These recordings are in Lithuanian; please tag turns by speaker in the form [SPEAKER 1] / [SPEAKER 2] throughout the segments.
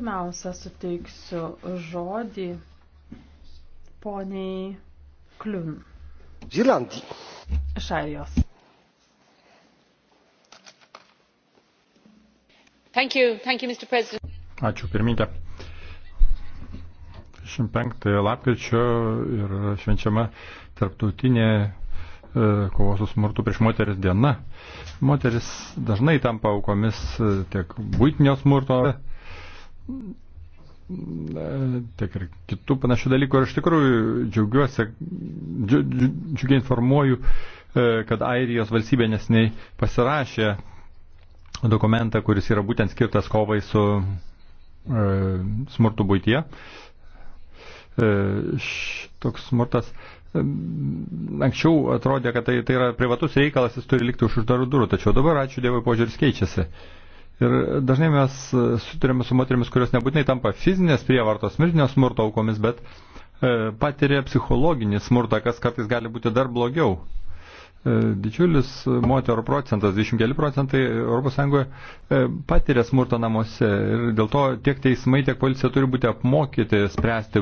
[SPEAKER 1] Pirmiausia, suteiksiu žodį poniai Kliun. Zilandį. Iš Airijos.
[SPEAKER 2] Thank you, thank you, Mr. President. Ačiū, pirmininkė. 25 lapkričio ir švenčiama tarptautinė e, kovos su smurtu prieš moteris diena. Moteris dažnai tampa aukomis e, tiek būtinio smurto, tiek ir kitų panašių dalykų. Ir aš tikrųjų džiaugiuosi, džiugiai džiu, informuoju, e, kad Airijos valstybė nesiniai pasirašė dokumentą, kuris yra būtent skirtas kovai su e, smurtu būtie. E, toks smurtas e, Anksčiau atrodė, kad tai, tai yra privatus reikalas, jis turi likti už uždarų durų, tačiau dabar, ačiū Dievui, požiūris keičiasi. Ir dažnai mes suturėme su moteriamis, kurios nebūtinai tampa fizinės prievartos, mirtinio smurto aukomis, bet e, patiria psichologinį smurtą, kas kartais gali būti dar blogiau. E, didžiulis moterų procentas, 20 procentai ES e, patiria smurtą namuose ir dėl to tiek teismai, tiek policija turi būti apmokyti spręsti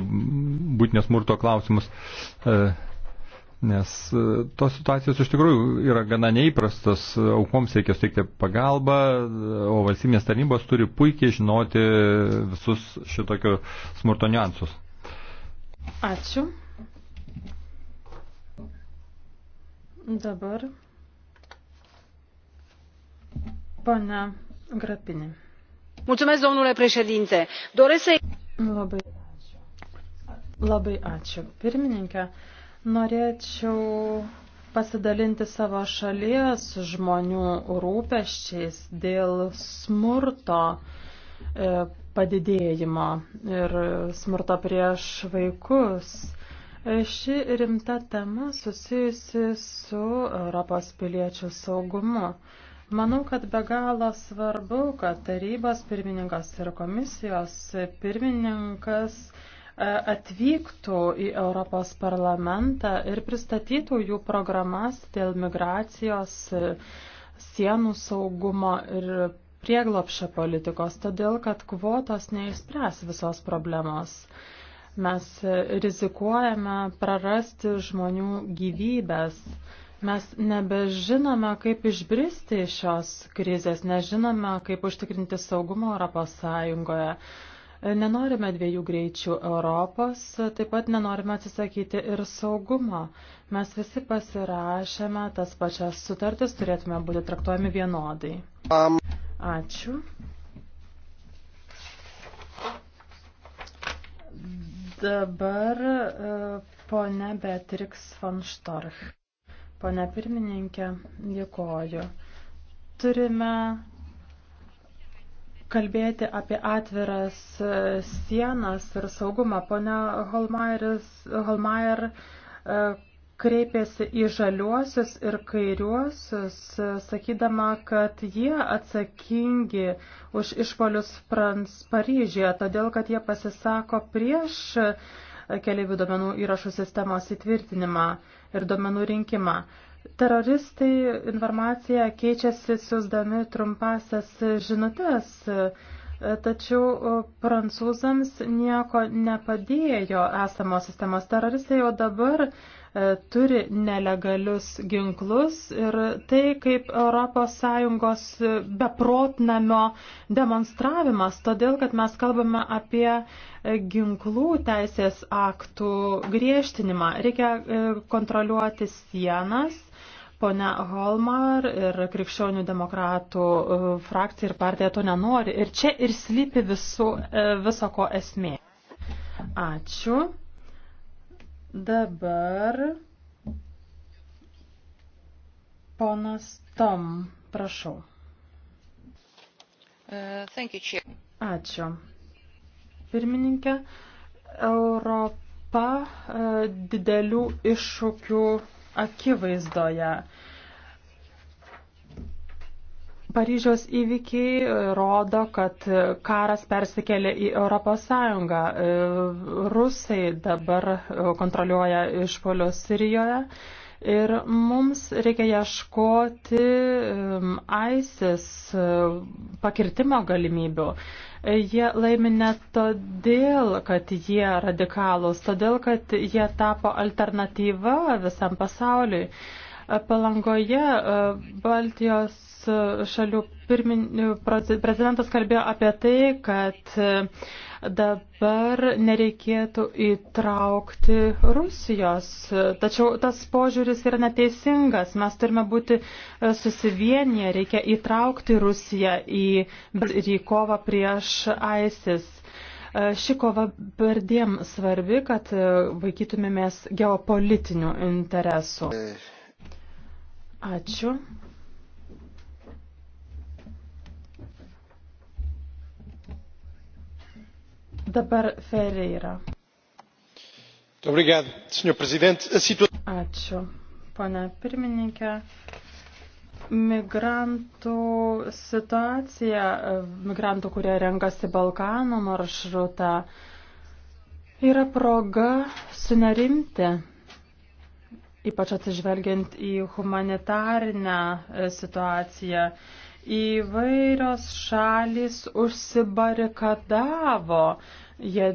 [SPEAKER 2] būtinio smurto klausimus. E, Nes e, tos situacijos iš tikrųjų yra gana neįprastos, aukoms reikia suteikti pagalbą, o valstybės tarnybos turi puikiai žinoti visus šitokio smurto niuansus.
[SPEAKER 1] Ačiū. Dabar pana Grapinė. Mulțumesc, domnule președinte. Doresc să... Labai ačiū. Labai ačiū. Pirmininkė. Norėčiau pasidalinti savo šalies žmonių rūpeščiais dėl smurto e, padidėjimo ir smurto prieš vaikus. E, ši rimta tema susijusi su Europos piliečių saugumu. Manau, kad be galo svarbu, kad tarybos pirmininkas ir komisijos pirmininkas atvyktų į Europos parlamentą ir pristatytų jų programas dėl migracijos, sienų saugumo ir prieglopšio politikos, todėl kad kvotos neišspręs visos problemos. Mes rizikuojame prarasti žmonių gyvybės. Mes nebežinome, kaip išbristi iš šios krizės, nežinome, kaip užtikrinti saugumą Europos Sąjungoje. Nenorime dviejų greičių Europos, taip pat nenorime atsisakyti ir saugumo. Mes visi pasirašėme tas pačias sutartis, turėtume būti traktuojami vienodai. Ačiū. Dabar e, ponia Beatrix von Storch. Pone pirmininkė, dėkoju. Turime kalbėti apie atviras e, sienas ir saugumą. Pone Holmeier e, kreipėsi į žaliuosius ir kairiuosius, e, sakydama, kad jie atsakingi už išpolius Frans Paryžėje, todėl kad jie pasisako prieš keliaivių duomenų įrašų sistemos įtvirtinimą ir duomenų rinkimą. Teroristai informaciją keičiasi siūsdami trumpasias žinutės, tačiau prancūzams nieko nepadėjo esamos sistemos. Teroristai jau dabar e, turi nelegalius ginklus ir tai kaip ES beprotnamio demonstravimas, todėl kad mes kalbame apie e, ginklų teisės aktų griežtinimą. Reikia e, kontroliuoti sienas Pone Holmar ir krikščionių demokratų e, frakcija ir partija to nenori. Ir čia ir slypi visu, e, viso ko esmė. Ačiū. Dabar ponas Tom, prašau. Uh, Ačiū. Pirmininkė, Europa e, didelių iššūkių akivaizdoje. Paryžiaus įvykiai e, rodo, kad karas persikėlė į Europos Sąjungą. E, Rusai dabar e, kontroliuoja išpolius Sirijoje. Ir mums reikia ieškoti ISIS e, pakirtimo galimybių. E, jie laimi ne todėl, kad jie radikalūs, todėl, kad jie tapo alternatyva visam pasauliui. E, palangoje Baltijos šalių pirmin... prezidentas kalbėjo apie tai, kad dabar nereikėtų įtraukti Rusijos. Tačiau tas požiūris yra neteisingas. Mes turime būti e, susivienyje, reikia įtraukti Rusiją į, į kovą prieš ISIS. E, ši kova perdėm svarbi, kad e, vaikytumėmės geopolitinių interesų. Ačiū. Dabar Ferreira. Ačiū, pane pirmininkė. Migrantų situacija, migrantų, kurie renkasi Balkanų maršrutą, yra proga sunerimti, ypač atsižvelgiant į humanitarinę situaciją įvairios šalis užsibarikadavo. Jie,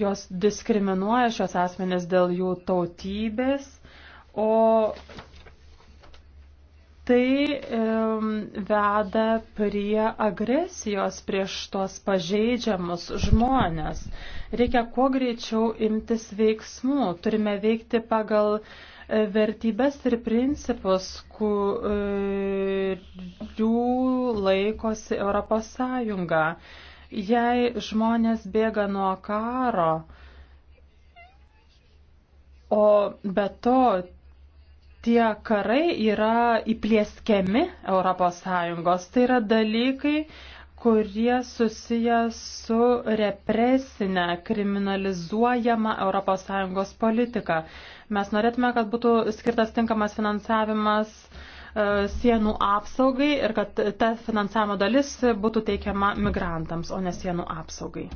[SPEAKER 1] jos diskriminuoja šios asmenės dėl jų tautybės, o tai um, veda prie agresijos prieš tuos pažeidžiamus žmonės. Reikia kuo greičiau imtis veiksmų. Turime veikti pagal uh, vertybės ir principus, kurių laikosi Europos Sąjunga. Jei žmonės bėga nuo karo, o be to tie karai yra įplieskiami Europos Sąjungos, tai yra dalykai, kurie susiję su represinė, kriminalizuojama ES politika. Mes norėtume, kad būtų skirtas tinkamas finansavimas e, sienų apsaugai ir kad ta finansavimo dalis būtų teikiama migrantams, o ne sienų apsaugai.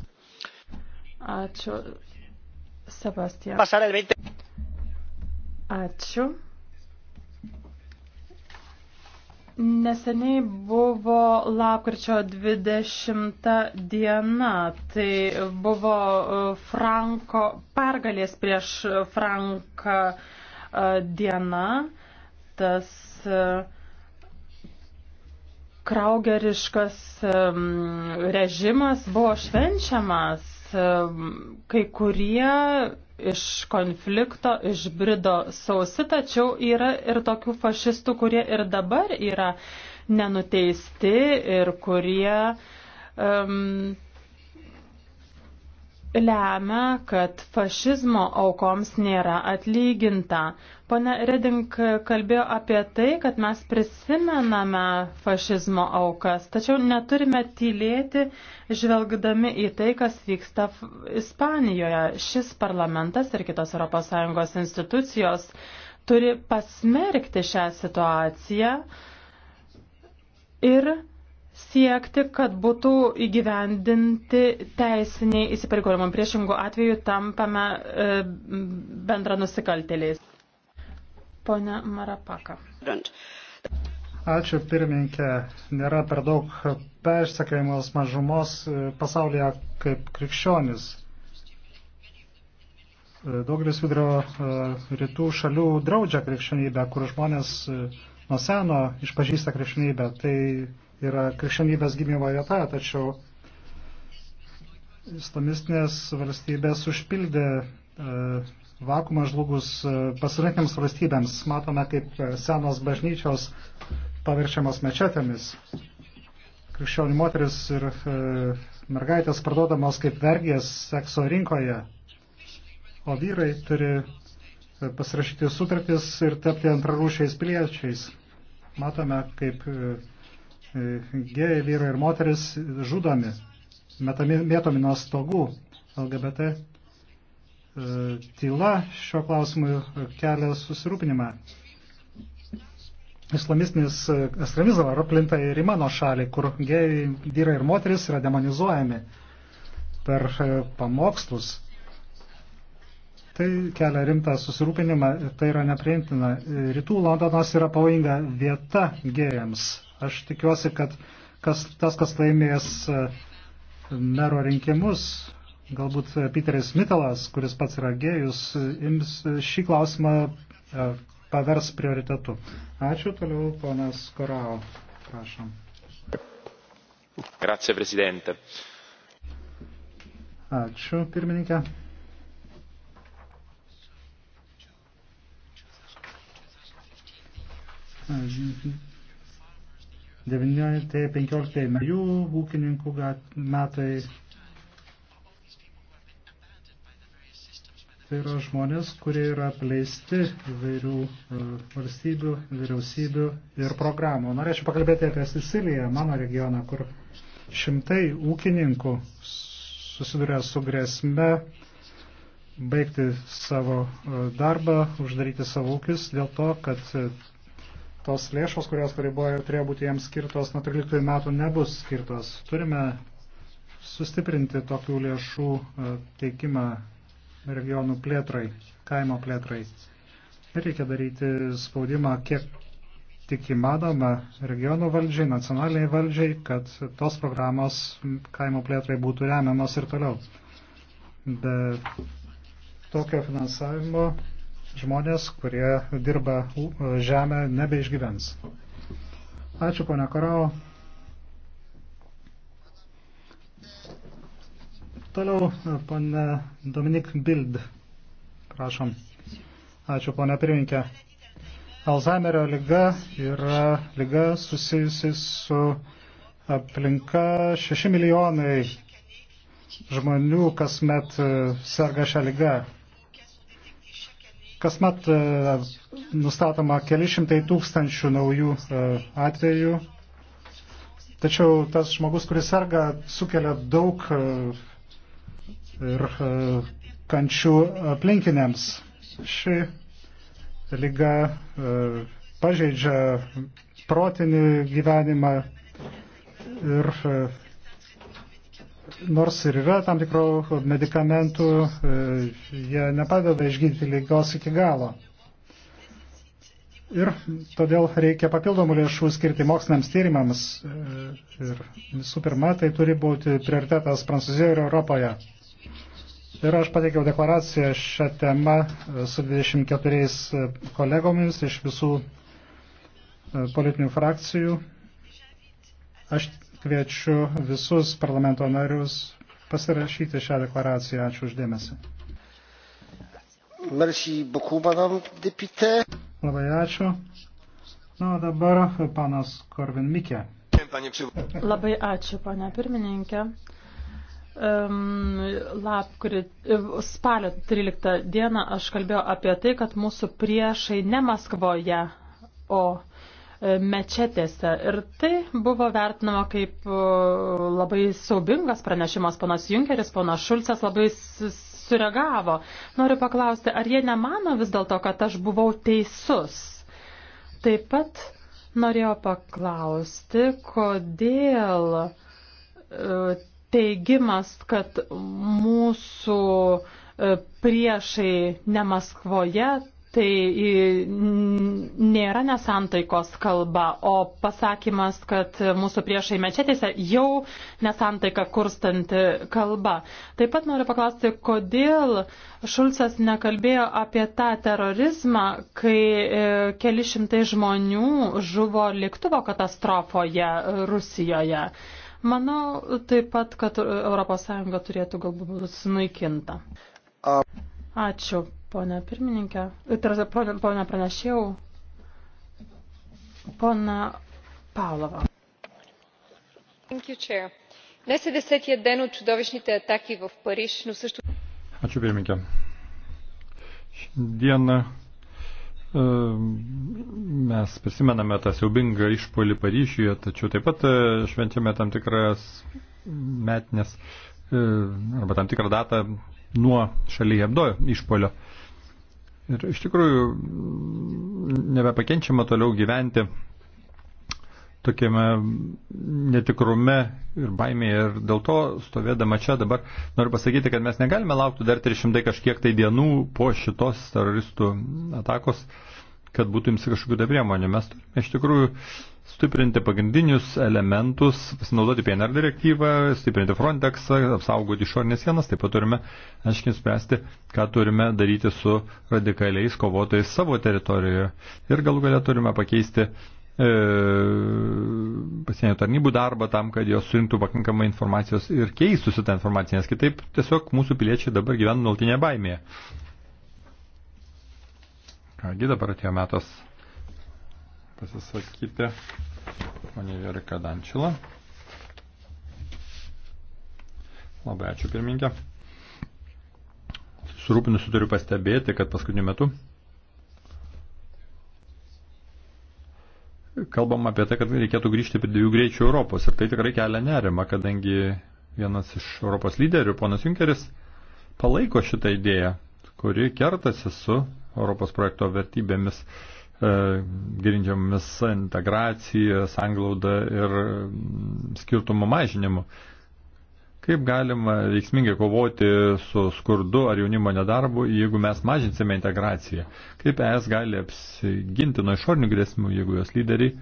[SPEAKER 1] Ačiū. Sebastian. Ačiū. Neseniai buvo lapkričio 20 diena, tai buvo e, Franko pergalės prieš Franką e, diena, tas e, kraugeriškas režimas buvo švenčiamas, kai kurie iš konflikto išbrido sausi, tačiau yra ir tokių fašistų, kurie ir dabar yra nenuteisti ir kurie um, lemia, kad fašizmo aukoms nėra atlyginta. Pone Reding kalbėjo apie tai, kad mes prisimename fašizmo aukas, tačiau neturime tylėti, žvelgdami į tai, kas vyksta Ispanijoje. Šis parlamentas ir kitos ES institucijos turi pasmerkti šią situaciją ir siekti, kad būtų įgyvendinti teisiniai įsipareigojimai. Priešingų atveju tampame e, bendra nusikaltėliais. Pone Marapaka.
[SPEAKER 3] Ačiū pirmininkė. Nėra per daug persekiojimos mažumos e, pasaulyje kaip krikščionis. E, daugelis vidurio rytų šalių draudžia krikščionybę, kur žmonės nuo seno išpažįsta krikščionybę. Tai yra krikščionybės gimimo vieta, tačiau islamistinės valstybės užpildė e, vakumą žlugus e, pasirinkėms valstybėms. Matome, kaip senos bažnyčios paverčiamos mečetėmis. Krikščionių moteris ir e, mergaitės parduodamos kaip vergės sekso rinkoje, o vyrai turi pasirašyti sutartis ir tapti antrarūšiais piliečiais. Matome, kaip E, gėjai vyrai ir moteris žudomi, metami, mėtomi nuo stogų. LGBT e, tyla šiuo klausimu kelia susirūpinimą. Islamistinis e, ekstremizmas yra plinta ir į mano šalį, kur gėjai vyrai ir moteris yra demonizuojami per pamokslus. Tai kelia rimtą susirūpinimą ir tai yra nepriimtina. Rytų Londonas yra pavojinga vieta gėjams. Aš tikiuosi, kad kas, tas, kas laimės e, mero rinkimus, galbūt e, Peteris Mitalas, kuris pats yra gėjus, e, ims šį klausimą pavers prioritetu. Ačiū toliau, ponas Korao. Prašom.
[SPEAKER 2] Grazie, prezidente.
[SPEAKER 3] Ačiū, pirmininkė. Ačiū. 19-15 metų ūkininkų metai. Tai yra žmonės, kurie yra apleisti įvairių e, valstybių, vyriausybių ir programų. Norėčiau pakalbėti apie Siciliją, mano regioną, kur šimtai ūkininkų susiduria su grėsme baigti savo e, darbą, uždaryti savo ūkius dėl to, kad tos lėšos, kurios pareiboja, turėjo būti jiems skirtos nuo 13 metų, nebus skirtos. Turime sustiprinti tokių lėšų e, teikimą regionų plėtrai, kaimo plėtrai. Reikia daryti spaudimą, kiek tik įmanoma regionų valdžiai, nacionaliniai valdžiai, kad tos programos kaimo plėtrai būtų remiamos ir toliau. Be tokio finansavimo žmonės, kurie dirba žemę, nebeišgyvens. Ačiū, ponia Korau. Toliau, ponia Dominik Bild. Prašom. Ačiū, ponia pirminkė. Alzheimerio lyga yra lyga susijusi su aplinka 6 milijonai žmonių kasmet e, serga šią lygą. Kasmet e, nustatoma keli šimtai tūkstančių naujų e, atvejų, tačiau tas žmogus, kuris serga, sukelia daug e, ir kančių aplinkiniams. Ši lyga pažeidžia protinį gyvenimą ir nors ir yra tam tikrų medikamentų, e, jie nepadeda išgydyti lygos iki galo. Ir todėl reikia papildomų lėšų skirti moksliniams tyrimams. E, ir visų pirma, tai turi būti prioritetas Prancūzijoje ir Europoje. Ir aš pateikiau deklaraciją šią temą e, su 24 kolegomis iš visų politinių frakcijų. Aš kviečiu visus parlamento narius pasirašyti šią deklaraciją. Ačiū uždėmesi. Labai ačiū. Na, o dabar panas Korvin Mikė.
[SPEAKER 1] Labai ačiū, ponia pirmininkė. Um, lapkrit, e, spalio 13 dieną aš kalbėjau apie tai, kad mūsų priešai ne Maskvoje, o E, mečetėse. Ir tai buvo vertinama kaip e, labai saubingas pranešimas. Ponas Junkeris, ponas Šulcas labai sureagavo. Noriu paklausti, ar jie nemano vis dėlto, kad aš buvau teisus? Taip pat norėjau paklausti, kodėl e, teigimas, kad mūsų priešai ne Maskvoje tai nėra nesantaikos kalba, o pasakymas, kad mūsų priešai mečetėse jau nesantaika kurstanti kalba. Taip pat noriu paklausti, kodėl Šulcas nekalbėjo apie tą terorizmą, kai e, keli šimtai žmonių žuvo lėktuvo katastrofoje Rusijoje. Manau taip pat, kad ES turėtų galbūt būti sunaikinta. Ačiū, Pone pirmininkė, e, tai pone pranešėjau, pone Павлова. Днес е десетия ден от чудовищните атаки в Париж, но също...
[SPEAKER 2] Ačiū pirmininkė. Šiandieną e, mes prisimename tą siaubingą išpolį Paryžiuje, tačiau taip pat e, švenčiame tam tikras metnes arba tam tikrą datą nuo šalyje apdojo išpolio. Ir iš tikrųjų nebepakenčiama toliau gyventi tokiame netikrume ir baimėje. Ir dėl to stovėdama čia dabar noriu pasakyti, kad mes negalime laukti dar 300 kažkiek tai dienų po šitos teroristų atakos, kad būtų imsi kažkokių tai priemonių. Mes turime iš tikrųjų stiprinti pagrindinius elementus, pasinaudoti PNR direktyvą, stiprinti Frontexą, apsaugoti išorinės sienas, taip pat turime aiškiai spręsti, ką turime daryti su radikaliais kovotojais savo teritorijoje. Ir galų galia turime pakeisti e, pasienio tarnybų darbą tam, kad jos surinktų pakankamai informacijos ir keistųsi tą informaciją, nes kitaip tiesiog mūsų piliečiai dabar gyvena nuolatinėje baimėje. Kągi dabar atėjo metas pasisakyti ponė Vėra Kadančila. Labai ačiū pirmininkė. Surūpinusiu turiu pastebėti, kad paskutiniu metu kalbam apie tai, kad reikėtų grįžti prie dviejų greičių Europos. Ir tai tikrai kelia nerima, kadangi vienas iš Europos lyderių, ponas Junkeris, palaiko šitą idėją, kuri kertasi su Europos projekto vertybėmis. E, grindžiamis integracija, sanglauda ir mm, skirtumo mažinimu. Kaip galima veiksmingai kovoti su skurdu ar jaunimo nedarbu, jeigu mes mažinsime integraciją? Kaip ES gali apsiginti nuo išorinių grėsmių, jeigu jos lyderiai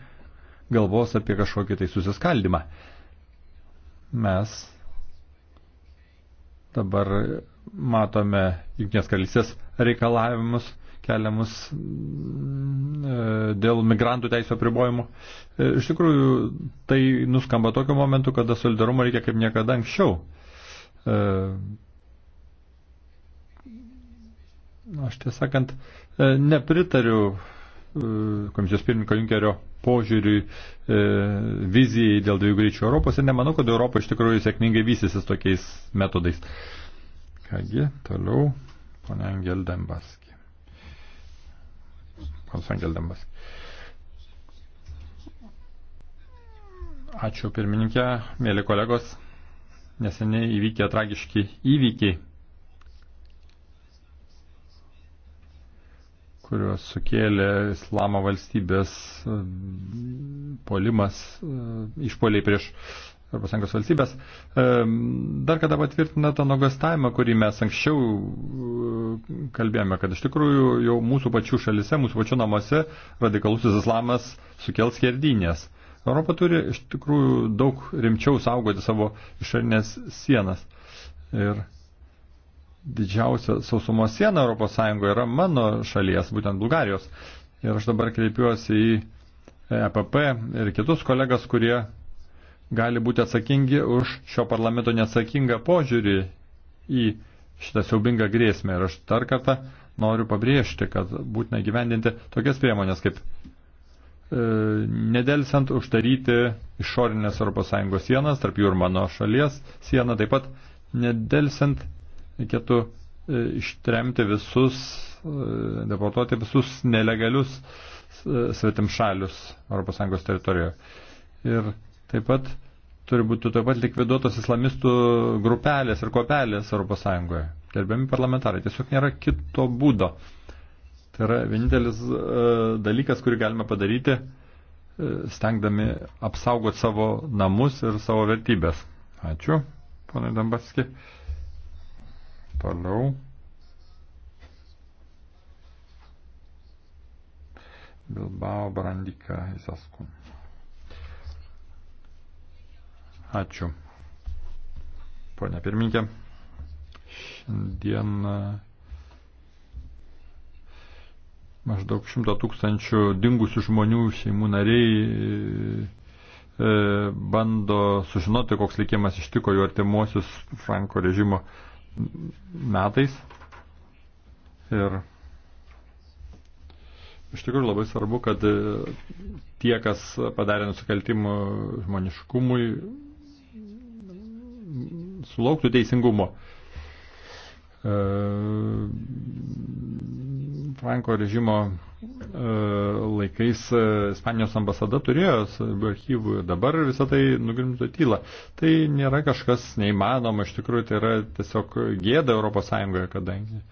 [SPEAKER 2] galvos apie kažkokį tai susiskaldimą? Mes dabar matome Junktinės karalystės reikalavimus keliamus mm, e, dėl migrantų teisų apribojimų. E, iš tikrųjų, tai nuskamba tokiu momentu, kada solidarumo reikia kaip niekada anksčiau. E, nu, aš tiesąkant nepritariu komisijos pirmininko Junkerio požiūriui, vizijai dėl dviejų greičių Europos ir nemanau, kad Europa iš tikrųjų sėkmingai vystysis tokiais metodais. Kągi, toliau, ponia Angel Dembaskė. Hans Angeldambas. Ačiū pirmininkė, mėly kolegos. Neseniai įvykė tragiški įvykiai, kuriuos sukėlė islamo valstybės mm, polimas,
[SPEAKER 3] mm,
[SPEAKER 2] išpoliai prieš ES valstybės, dar kada patvirtina tą nuogastavimą, kurį mes anksčiau e, kalbėjome, kad iš tikrųjų jau mūsų pačių šalise, mūsų pačių namuose radikalusis islamas sukels skerdynės. Europa turi iš tikrųjų daug rimčiau saugoti savo išorinės sienas. Ir didžiausia sausumos siena ES yra mano šalies, būtent Bulgarijos. Ir aš dabar kreipiuosi į EPP ir kitus kolegas, kurie gali būti atsakingi už šio parlamento neatsakingą požiūrį į šitą siaubingą grėsmę. Ir aš dar kartą noriu pabrėžti, kad būtina gyvendinti tokias priemonės kaip e, nedelsiant uždaryti išorinės ES sienas, tarp jų ir mano šalies sieną, taip pat nedelsiant reikėtų e, ištremti visus, e, deportuoti visus nelegalius e, svetimšalius ES teritorijoje. Ir Taip pat turi būti taip pat likviduotos islamistų grupelės ir kopelės Europos Sąjungoje. Gerbiami parlamentarai, tiesiog nėra kito būdo. Tai yra vienintelis e, dalykas, kurį galime padaryti, e, stengdami apsaugoti savo namus ir savo vertybės. Ačiū, ponai Dambaski. Toliau. Bilbao Brandika Izaskun. Ačiū. Pone pirmininkė, šiandien e, maždaug šimto tūkstančių dingusių žmonių šeimų nariai e, e, bando sužinoti, koks likimas ištiko jų artimuosius Franko režimo metais. Ir iš tikrųjų labai svarbu, kad tie, kas padarė nusikaltimų žmoniškumui, sulauktų teisingumo. E, Franko režimo e, laikais e, Ispanijos ambasada turėjo archyvų ir dabar visą tai nugrimto tylą. Tai nėra kažkas neįmanoma, iš tikrųjų tai yra tiesiog gėda Europos Sąjungoje, kadangi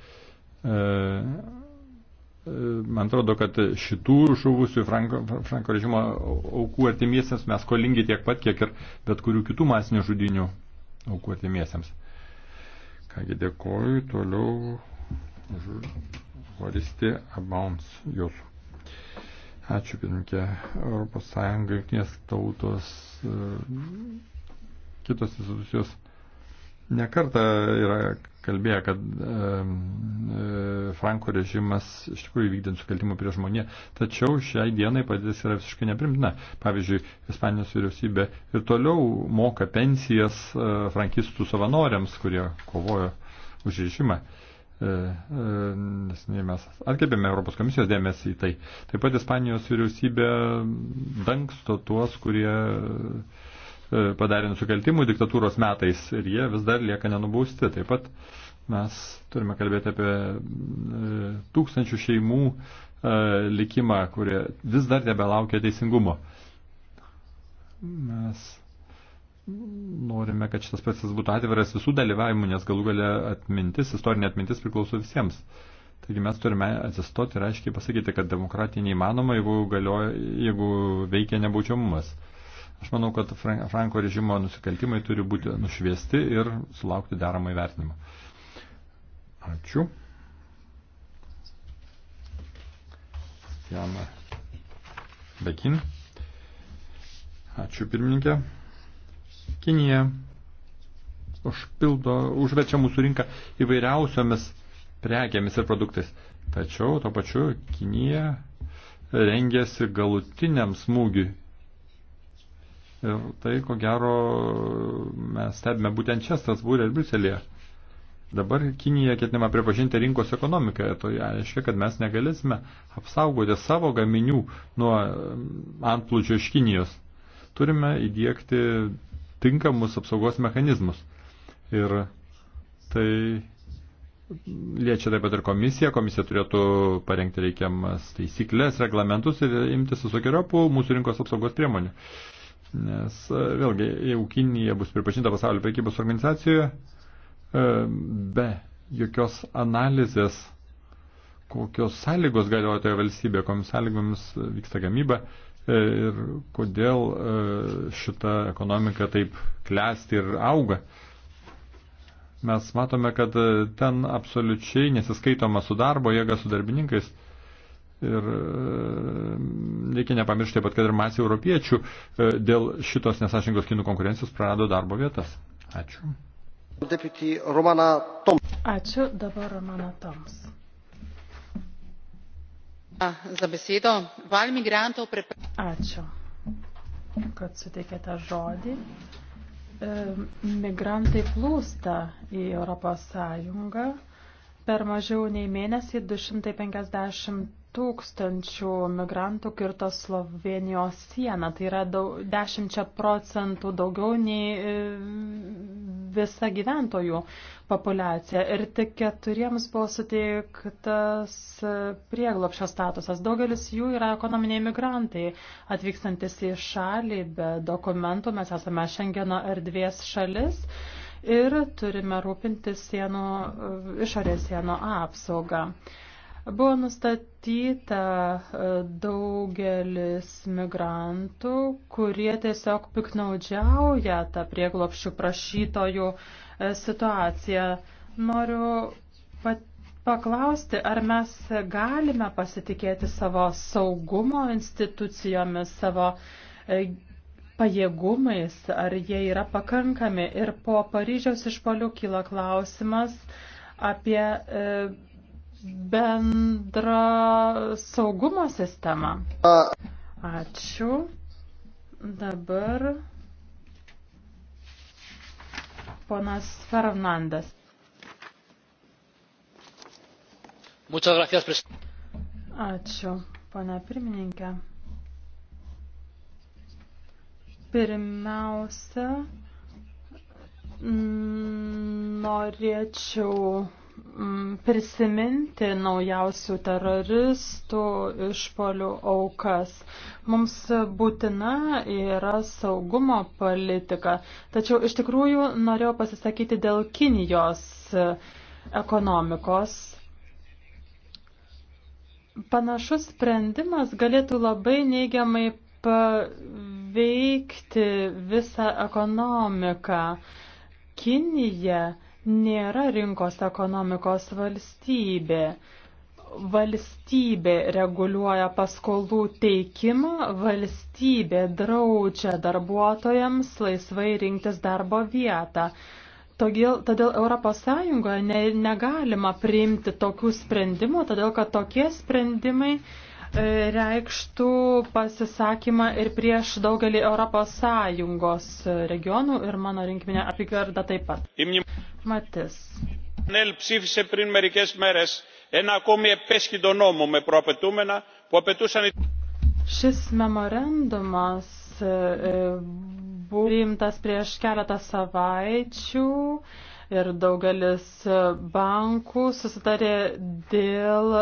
[SPEAKER 2] Man atrodo, kad šitų žuvusių Franko, Franko režimo aukų artimiesiams mes kolingi tiek pat, kiek ir bet kurių kitų masinių žudinių aukų artimiesiems. Kągi dėkoju, toliau Horisti Abons jūsų. Ačiū, pirmininkė. Europos Sąjunga, jungtinės tautos, e, kitos institucijos nekarta yra kalbėję, kad e, Franko režimas iš tikrųjų vykdė nusikaltimą prie žmonė, tačiau šiai dienai padėtis yra visiškai neprimtina. Pavyzdžiui, Ispanijos vyriausybė ir toliau moka pensijas e, frankistų savanoriams, kurie kovojo už režimą. E, e, nes mes atkreipėme Europos komisijos dėmesį į tai. Taip pat Ispanijos vyriausybė dangsto tuos, kurie e, E, padarė nusikaltimų diktatūros metais ir jie vis dar lieka nenubausti. Taip pat mes turime kalbėti apie e, tūkstančių šeimų e, likimą, kurie vis dar nebelaukia teisingumo. Mes norime, kad šitas procesas būtų atviras visų dalyvavimų, nes galų galia atmintis, istorinė atmintis priklauso visiems. Taigi mes turime atsistoti ir aiškiai pasakyti, kad demokratija neįmanoma, jeigu, galioja, jeigu veikia nebaučiamumas. Aš manau, kad Franko režimo nusikaltimai turi būti nušviesti ir sulaukti deramą įvertinimą. Ačiū. Jana Bekin. Ačiū pirmininkė. Kinija užpildo, užvečia mūsų rinką įvairiausiomis prekėmis ir produktais. Tačiau tuo pačiu Kinija rengiasi galutiniam smūgiui Ir tai, ko gero, mes stebime būtent čia, Strasbūrė ir Briuselėje. Dabar Kinija ketinama pripažinti rinkos ekonomiką, to reiškia, kad mes negalėsime apsaugoti savo gaminių nuo mm, antplūdžio iš Kinijos. Turime įdėkti tinkamus apsaugos mechanizmus. Ir tai liečia taip pat ir komisija. Komisija turėtų parengti reikiamas taisyklės, reglamentus ir imtis visokiojopų mūsų rinkos apsaugos priemonių. Nes e, vėlgi, jeigu Kinija bus pripažinta pasaulio prekybos organizacijoje, e, be jokios analizės, kokios sąlygos galioja toje valstybėje, kokiamis sąlygomis vyksta gamyba e, ir kodėl šita ekonomika taip klesti ir auga. Mes matome, kad ten absoliučiai nesiskaitoma su darbo jėga, su darbininkais Ir e, reikia nepamiršti, bet kad ir masė europiečių e, dėl šitos nesažingos kinų konkurencijos prarado darbo vietas. Ačiū.
[SPEAKER 3] Deputy Romana
[SPEAKER 1] Toms. Ačiū dabar Romana Toms. Za besedo. Val migrantov pre... Ačiū, kad suteikėte žodį. E, migrantai plūsta į Europos Sąjungą. Per mažiau nei mėnesį 250 tūkstančių migrantų kirto Slovenijos sieną. Tai yra daug, 10 procentų daugiau nei e, visa gyventojų populiacija. Ir tik keturiems buvo suteiktas prieglopšio statusas. Daugelis jų yra ekonominiai migrantai, atvykstantis į šalį be dokumentų. Mes esame Šengeno erdvės šalis. Ir turime rūpinti sienų, išorės sienų apsaugą. Uh, Buvo nustatyta e, daugelis migrantų, kurie tiesiog piknaudžiauja tą prieglopščių prašytojų e, situaciją. Noriu paklausti, ar mes galime pasitikėti savo saugumo institucijomis, savo e, pajėgumais, ar jie yra pakankami. Ir po Paryžiaus išpolių kyla klausimas apie bendrą saugumo sistemą. Ačiū. Dabar ponas Fernandas. Ačiū, pana pirmininkė. Pirmiausia, norėčiau Mm, prisiminti naujausių teroristų išpolių aukas. Mums būtina yra saugumo politika. Tačiau iš tikrųjų norėjau pasisakyti dėl Kinijos ekonomikos. Panašus sprendimas galėtų labai neigiamai paveikti visą ekonomiką. Kinija nėra rinkos ekonomikos valstybė. Valstybė reguliuoja paskolų teikimą, valstybė draučia darbuotojams laisvai rinktis darbo vietą. Todėl, todėl ES ne, negalima priimti tokių sprendimų, todėl kad tokie sprendimai uh, reikštų pasisakymą ir prieš daugelį Europos Sąjungos regionų ir mano rinkiminė apygarda taip pat. Matis. Šis memorandumas buvo priimtas prieš keletą savaičių ir daugelis bankų susitarė dėl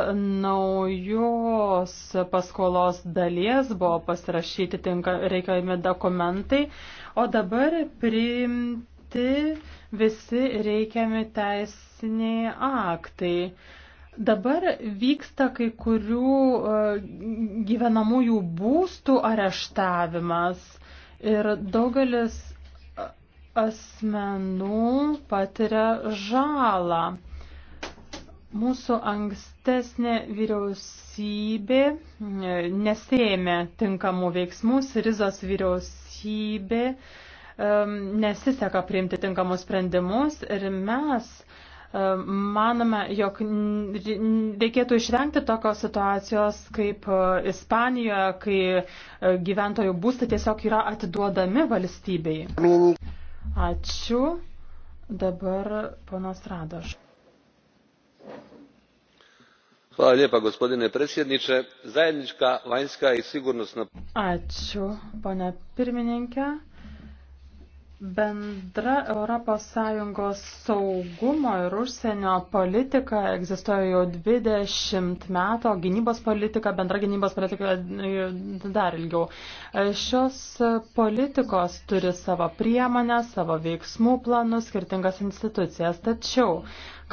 [SPEAKER 1] naujos paskolos dalies, buvo pasirašyti tinka, reikiami dokumentai, o dabar priimti visi reikiami teisiniai aktai. Dabar vyksta kai kurių e, gyvenamųjų būstų areštavimas ir daugelis asmenų patiria žalą. Mūsų ankstesnė vyriausybė e, nesėmė tinkamų veiksmų, Sirizos vyriausybė e, nesiseka priimti tinkamus sprendimus ir mes e, manome, jog reikėtų išvengti tokios situacijos kaip Ispanijoje, kai gyventojų būstai tiesiog yra atiduodami valstybei. Ačiū. Dabar ponas Radoš.
[SPEAKER 2] Hvala lijepa gospodine predsjedniče. Zajednička vanjska i sigurnosna.
[SPEAKER 1] Ačiū, ponia pirmininkė. Bendra ES saugumo ir užsienio politika egzistuoja jau 20 metų, o gynybos politika, bendra gynybos politika dar ilgiau. Šios politikos turi savo priemonę, savo veiksmų planus, skirtingas institucijas. Tačiau,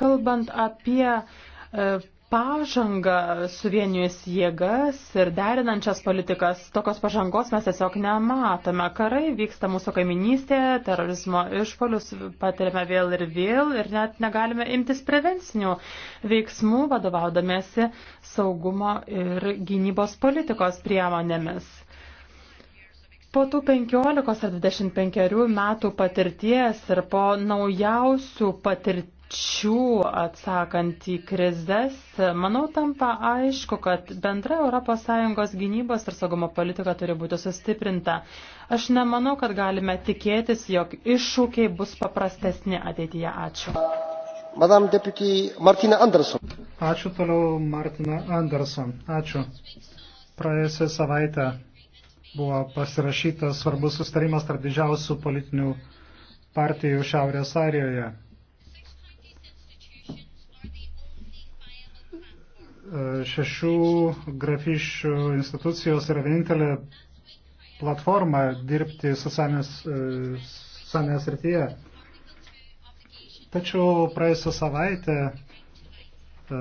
[SPEAKER 1] kalbant apie pažangą suvienijus jėgas ir derinančias politikas, tokios pažangos mes tiesiog nematome. Karai vyksta mūsų kaiminystėje, terorizmo išpolius patiriame vėl ir vėl ir net negalime imtis prevencinių veiksmų, vadovaudamėsi saugumo ir gynybos politikos priemonėmis. Po tų 15 ar 25 metų patirties ir po naujausių patirties, krypčių atsakant į krizes, manau, tampa aišku, kad bendra ES gynybos ir saugumo politika turi būti sustiprinta. Aš nemanau, kad galime tikėtis, jog iššūkiai bus paprastesni ateityje. Ačiū. Madam
[SPEAKER 3] deputy Martina Anderson. Ačiū toliau, Martina Anderson. Ačiū. Praėjusią savaitę buvo pasirašytas svarbus sustarimas tarp didžiausių politinių partijų Šiaurės Arijoje. šešių grafišių institucijos yra vienintelė platforma dirbti socialinės, e, socialinės srityje. Tačiau praėjusią savaitę e,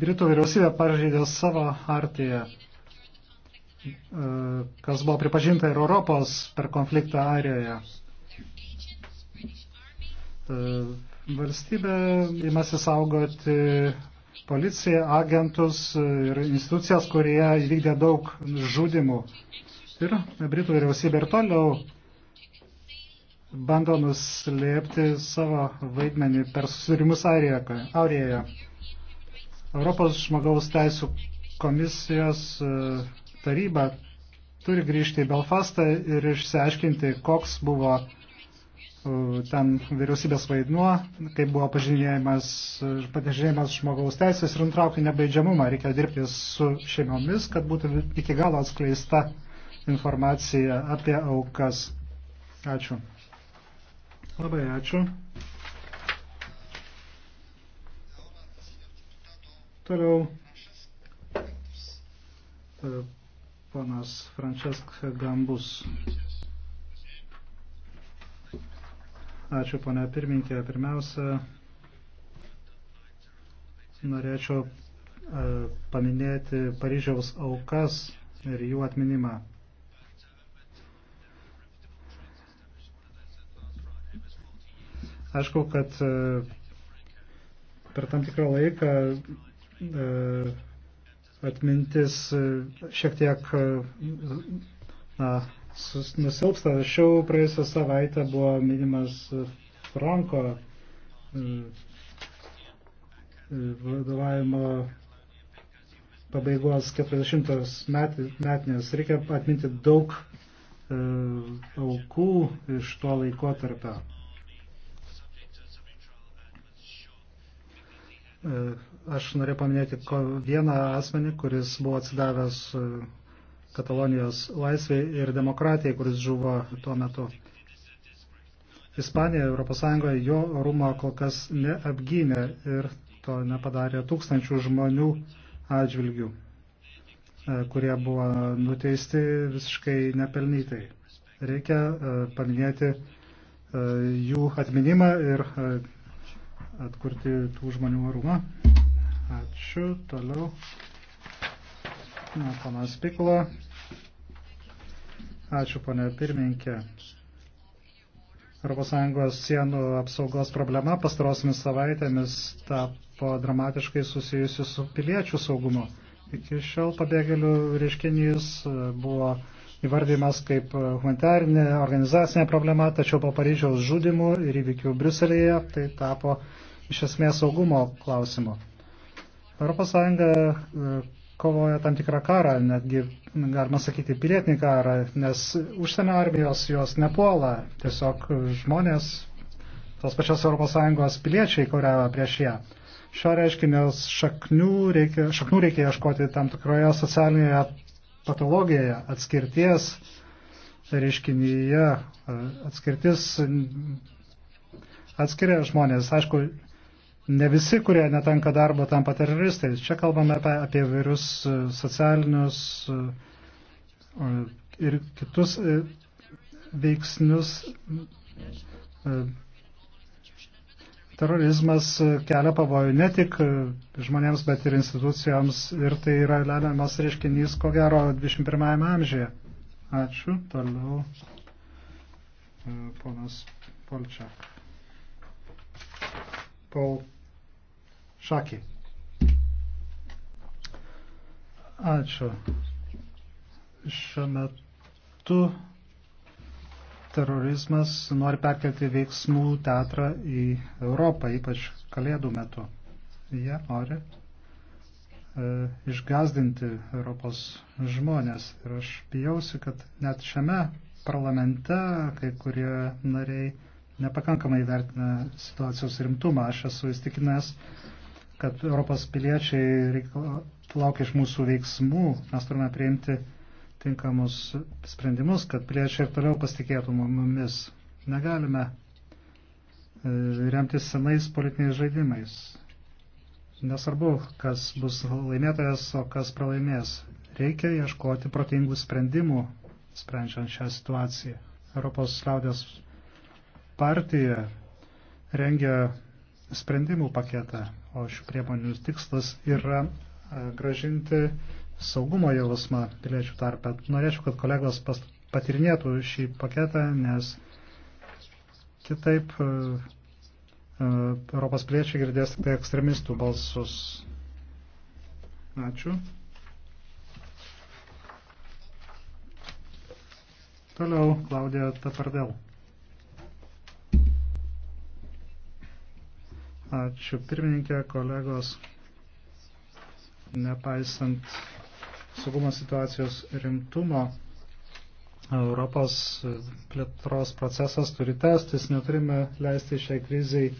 [SPEAKER 3] Britų vyriausybė pažeidė savo artiją, e, kas buvo pripažinta ir Europos per konfliktą Arijoje. Valstybė įmasi saugoti policiją, agentus ir institucijas, kurie įvykdė daug žudimų. Ir Britų vyriausybė ir toliau bando nuslėpti savo vaidmenį per susirimus Airijoje. Europos žmogaus teisų komisijos e, taryba turi grįžti į Belfastą ir išsiaiškinti, koks buvo ten vyriausybės vaidmuo, kaip buvo pažinėjimas, pažinėjimas žmogaus teisės ir nutraukti nebaidžiamumą. Reikia dirbti su šeimomis, kad būtų iki galo atskleista informacija apie aukas. Ačiū. Labai ačiū. Toliau e, panas Francesk Gambus. Ačiū, ponia pirminkė. Pirmiausia, norėčiau e, paminėti Paryžiaus aukas ir jų atminimą. Aišku, kad e, per tam tikrą laiką e, atmintis šiek tiek na, sus, nusilpsta. Tačiau praėjusią savaitę buvo minimas Franko mm, vadovavimo pabaigos 40 met, metinės. Reikia atminti daug e, aukų iš to laiko tarpę. E, aš norėjau paminėti vieną asmenį, kuris buvo atsidavęs Katalonijos laisvėje ir demokratijai, kuris žuvo tuo metu. Ispanija Europos Sąjungoje jo orumo kol kas neapgynė ir to nepadarė tūkstančių žmonių atžvilgių, e, kurie buvo nuteisti visiškai nepelnytai. Reikia e, paminėti e, jų atminimą ir atkurti tų žmonių orumą. Ačiū. Toliau. Panas Pikula. Ačiū, ponė pirmininkė. ES sienų apsaugos problema pastarosiamis savaitėmis tapo dramatiškai susijusi su piliečių saugumu. Iki šiol pabėgėlių reiškinys buvo įvardymas kaip humanitarinė organizacinė problema, tačiau po Paryžiaus žudimų ir įvykių Briuselėje tai tapo iš esmės saugumo klausimu. ES kovoja tam tikrą karą, netgi galima sakyti pilietinį karą, nes užsienio armijos jos nepuola, tiesiog žmonės, tos pačios ES piliečiai kariauja prieš ją. Šio reiškinio šaknių reikia, šaknų reikia ieškoti tam tikroje socialinėje patologijoje, atskirties reiškinyje, atskirtis atskiria žmonės. Aišku, ne visi, kurie netenka darbo, tampa teroristais. Čia kalbame apie, apie vairius e, socialinius e, ir kitus e, veiksnius. Terorizmas kelia pavojų ne tik žmonėms, bet ir institucijoms ir tai yra lemiamas reiškinys, ko gero, 21 amžiuje. Ačiū. Toliau ponas Polčiak. Paul Šakį. Ačiū. Šiuo metu terorizmas nori perkelti veiksmų teatrą į Europą, ypač kalėdų metu. Jie nori e, išgazdinti Europos žmonės. Ir aš bijausi, kad net šiame parlamente kai kurie nariai nepakankamai vertina situacijos rimtumą. Aš esu įstikinęs, kad Europos piliečiai reikla, laukia iš mūsų veiksmų. Mes turime priimti tinkamus sprendimus, kad piliečiai ir toliau pasitikėtų mumis. Negalime e, remtis senais politiniais žaidimais. Nesvarbu, kas bus laimėtojas, o kas pralaimės. Reikia ieškoti protingų sprendimų, sprendžiant šią situaciją. Europos liaudės partija rengia sprendimų paketą o šių priemonių tikslas yra e, gražinti saugumo jausmą piliečių tarpę. Norėčiau, kad kolegos patirinėtų šį paketą, nes kitaip e, e, Europos piliečiai girdės tik tai ekstremistų balsus. Ačiū. Toliau Klaudija Tapardel. Ačiū pirmininkė, kolegos. Nepaisant saugumo situacijos rimtumo, Europos plėtros procesas turi testis, neturime leisti šiai kriziai e,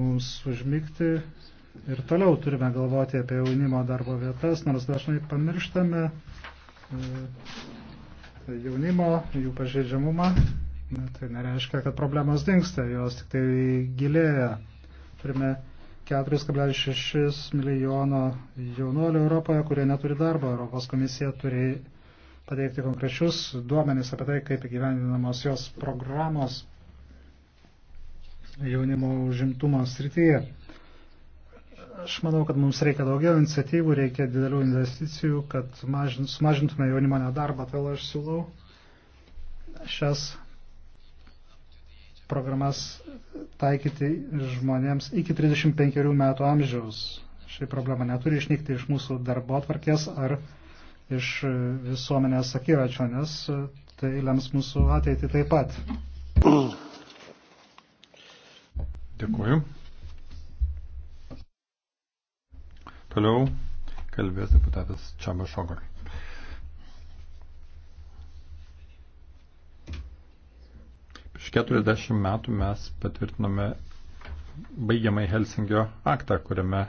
[SPEAKER 3] mums užmygti ir toliau turime galvoti apie jaunimo darbo vietas, nors dažnai pamirštame e, jaunimo, jų pažeidžiamumą tai nereiškia, kad problemos dinksta, jos tik tai gilėja. Turime 4,6 milijono jaunuolių Europoje, kurie neturi darbo. Europos komisija turi pateikti konkrečius duomenys apie tai, kaip įgyvendinamos jos programos jaunimo užimtumo srityje. Aš manau, kad mums reikia daugiau iniciatyvų, reikia didelių investicijų, kad mažintume jaunimo nedarbą. Tai aš siūlau šias programas taikyti žmonėms iki 35 metų amžiaus. Ši problema neturi išnykti iš mūsų darbo atvarkės ar iš visuomenės akiračio, nes tai lems mūsų ateitį taip pat.
[SPEAKER 2] Dėkuoju. Toliau kalbės deputatas Čaba Šogar. Prieš 40 metų mes patvirtinome baigiamai Helsingio aktą, kuriame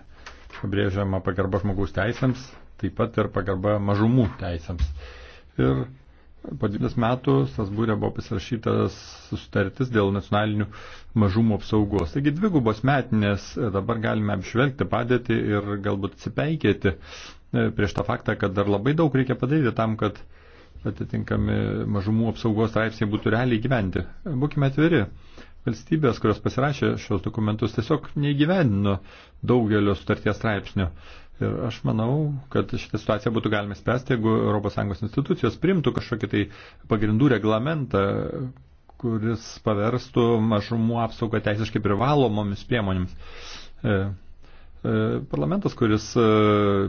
[SPEAKER 2] pabrėžiama pagarba žmogaus teisėms, taip pat ir pagarba mažumų teisėms. Ir po 20 metų Sasbūrė buvo pasirašytas sutartis dėl nacionalinių mažumų apsaugos. Taigi dvigubos metinės dabar galime apžvelgti padėtį ir galbūt atsipeikėti e, prieš tą faktą, kad dar labai daug reikia padaryti tam, kad uh, atitinkami mažumų apsaugos straipsniai būtų realiai gyventi. Būkime atviri. Valstybės, kurios pasirašė šios dokumentus, tiesiog neįgyvendino daugelio sutarties straipsnių. Ir aš manau, kad šitą situaciją būtų galima spręsti, jeigu ES institucijos primtų kažkokį tai pagrindų reglamentą, kuris paverstų mažumų apsaugą teisiškai privalomomis priemonėmis. E, E, parlamentas, kuris e,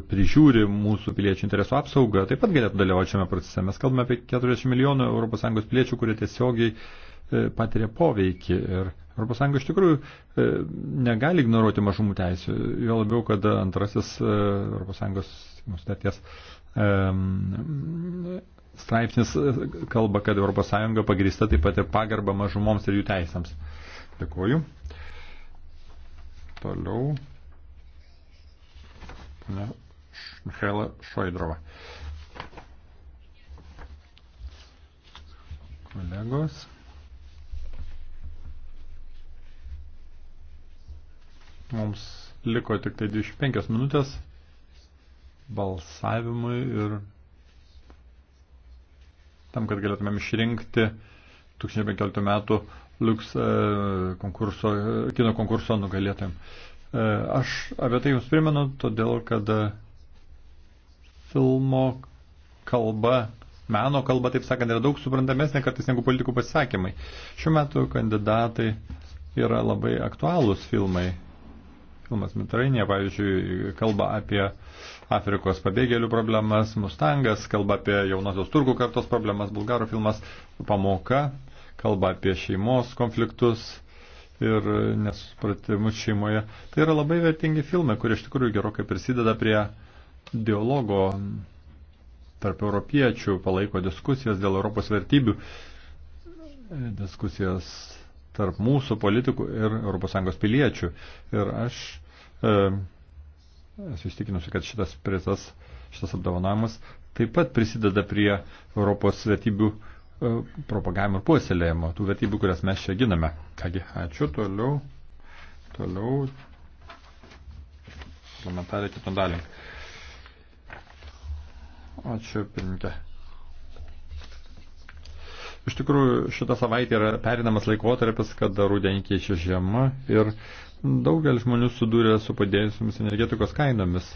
[SPEAKER 2] prižiūri mūsų piliečių interesų apsaugą, taip pat galėtų dalyvauti šiame procese. Mes kalbame apie 40 milijonų ES piliečių, kurie tiesiogiai e, patiria poveikį. Ir ES iš tikrųjų negali ignoruoti mažumų teisų. Jo labiau, kad antrasis ES nustatės straipsnis kalba, kad ES pagrįsta taip pat ir pagarba mažumoms ir jų teisėms. Dėkuoju. Toliau na, Michaela Šoidrova. Kolegos. Mums liko tik tai 25 minutės balsavimui ir tam, kad galėtumėm išrinkti 2015 metų Lux e, konkurso, kino konkurso nugalėtojim. E, aš apie tai jums primenu, todėl kad filmo kalba, meno kalba, taip sakant, yra daug suprantamesnė kartais negu politikų pasisakymai. Šiuo metu kandidatai yra labai aktualūs filmai. Filmas Mitrainė, pavyzdžiui, kalba apie Afrikos pabėgėlių problemas, Mustangas, kalba apie jaunosios turkų kartos problemas, bulgarų filmas Pamoka, kalba apie šeimos konfliktus, ir nesupratimus šeimoje. Tai yra labai vertingi filmai, kurie iš tikrųjų gerokai prisideda prie dialogo tarp europiečių, palaiko diskusijas dėl Europos vertybių, diskusijas tarp mūsų politikų ir ES piliečių. Ir aš e, esu įstikinusi, kad šitas prizas, šitas apdovanojimas taip pat prisideda prie Europos vertybių E, propagavimo ir puoselėjimo tų vertybių, kurias mes čia giname. Kągi, ačiū toliau. Toliau. Parlamentarė kitom dalim. Ačiū, pirmininkė. Iš tikrųjų, šitą savaitę yra perinamas laikotarpis, kada rudenį keičia žiema ir daugelis žmonių sudūrė su padėjusiamis energetikos kainomis.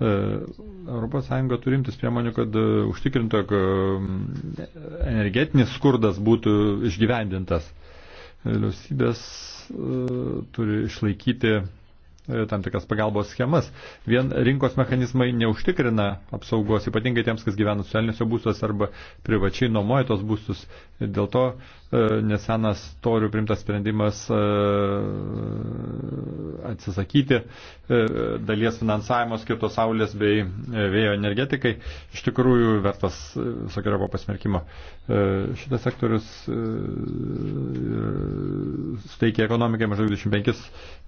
[SPEAKER 2] ES turimtis priemonių, kad e, užtikrintų, jog e, energetinis skurdas būtų išgyvendintas. Vyriausybės e, turi išlaikyti tam tikras pagalbos schemas. Vien rinkos mechanizmai neužtikrina apsaugos, ypatingai tiems, kas gyvena socialiniuose būstuose arba privačiai nuomoja tos būstus. Dėl to E, nesenas torių primtas sprendimas e, atsisakyti e, dalies finansavimo skirto saulės bei vėjo energetikai iš tikrųjų vertas visokiojo pasmerkimo. Šitas sektorius suteikia ekonomikai maždaug 25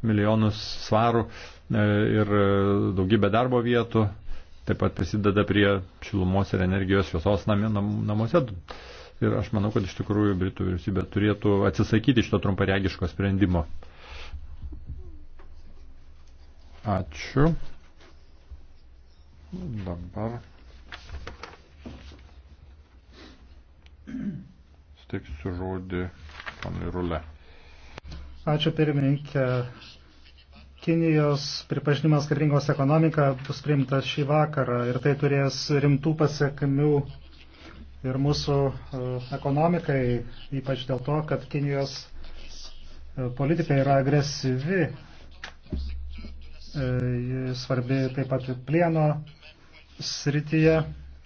[SPEAKER 2] milijonus svarų ir daugybę darbo vietų, taip pat prisideda prie šilumos ir energijos šviesos namuose. Nam, Ir aš manau, kad iš tikrųjų Britų vyriausybė turėtų atsisakyti šito trumparegiško sprendimo. Ačiū. Dabar. Steiksiu žodį panui Rule.
[SPEAKER 3] Ačiū pirmininkė. Kinijos pripažinimas kaip rinkos ekonomika bus priimtas šį vakarą ir tai turės rimtų pasiekmių ir mūsų e, ekonomikai, ypač dėl to, kad Kinijos e, politika yra agresyvi. E, svarbi taip pat plieno srityje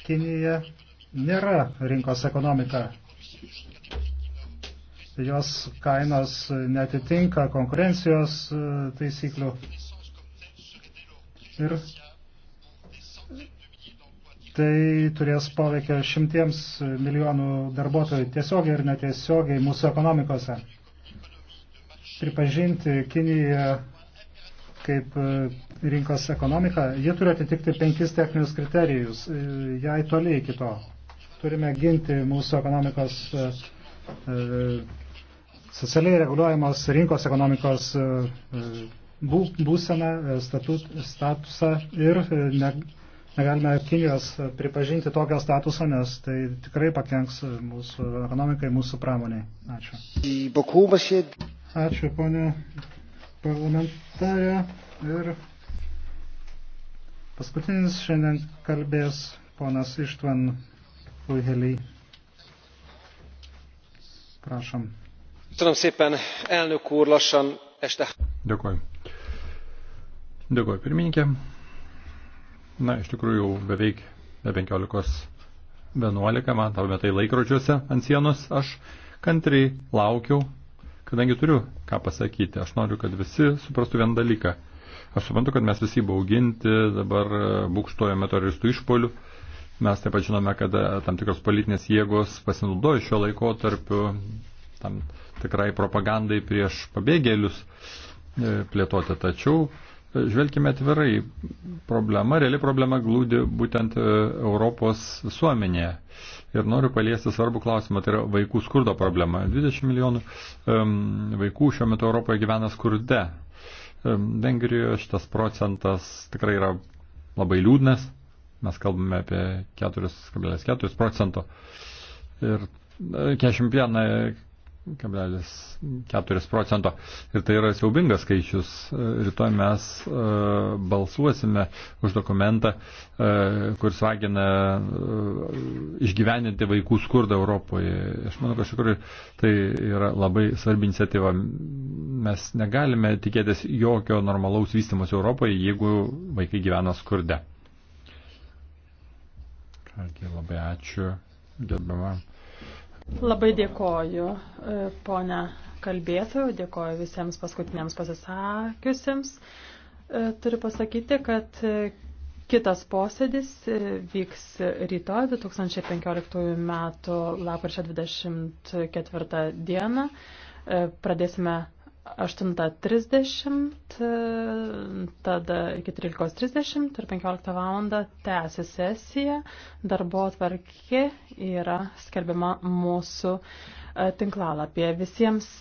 [SPEAKER 3] Kinija nėra rinkos ekonomika. Jos kainos netitinka konkurencijos taisyklių. Ir tai turės poveikia šimtiems milijonų darbuotojų tiesiogiai ir netiesiogiai mūsų ekonomikose. Pripažinti Kiniją kaip e, rinkos ekonomiką, ji turi atitikti penkis techninius kriterijus, e, jai toli iki to. Turime ginti mūsų ekonomikos e, socialiai reguliuojamos rinkos ekonomikos būseną, statut, statusą ir ne, Negalime Kinijos pripažinti tokio statuso, nes tai tikrai pakenks mūsų ekonomikai, mūsų pramoniai. Ačiū. Ačiū, ponė parlamentarė. Ir paskutinis šiandien kalbės ponas Ištvan Ujheliai. Prašom.
[SPEAKER 2] Köszönöm szépen, elnök úr, lassan este. Dėkuoju. Dėkuoju, pirmininkė. Na, iš tikrųjų jau beveik be 15.11 matome tai laikrodžiuose ant sienos. Aš kantriai laukiau, kadangi turiu ką pasakyti. Aš noriu, kad visi suprastų vieną dalyką. Aš suprantu, kad mes visi bauginti, dabar e, būkštojame teroristų išpolių. Mes taip pat žinome, kad e, tam tikros politinės jėgos pasinaudojo šio laiko tarpiu tam tikrai propagandai prieš pabėgėlius e, plėtoti. Tačiau Žvelkime atvirai, problema, reali problema glūdi būtent e, Europos visuomenėje. Ir noriu paliesti svarbų klausimą, tai yra vaikų skurdo problema. 20 milijonų um, vaikų šiuo metu Europoje gyvena skurde. Um, Vengrijoje šitas procentas tikrai yra labai liūdnas. Mes kalbame apie 4,4 procento. Ir 41 e, 1,4 procento. Ir tai yra siaubingas skaičius. Rytoj mes e, balsuosime už dokumentą, e, kuris ragina e, išgyveninti vaikų skurdą Europoje. Aš manau, kad iš tikrųjų tai yra labai svarbi iniciatyva. Mes negalime tikėtis jokio normalaus vystimus Europoje, jeigu vaikai gyvena skurde. Argi labai ačiū gerbiamam
[SPEAKER 1] Labai dėkoju, e, ponia kalbėtojų, dėkoju visiems paskutiniams pasisakiusiems. E, turiu pasakyti, kad e, kitas posėdis vyks rytoj 2015 m. lapkričio 24 d. Pradėsime 8.30, tada iki 13.30 ir 15 val. tęsi sesiją. Darbo atvarkė yra skelbiama mūsų e, tinklalapyje. Visiems